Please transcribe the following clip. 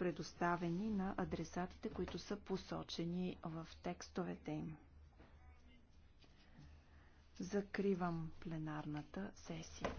предоставени на адресатите, които са посочени в текстовете им. Закривам пленарната сесия.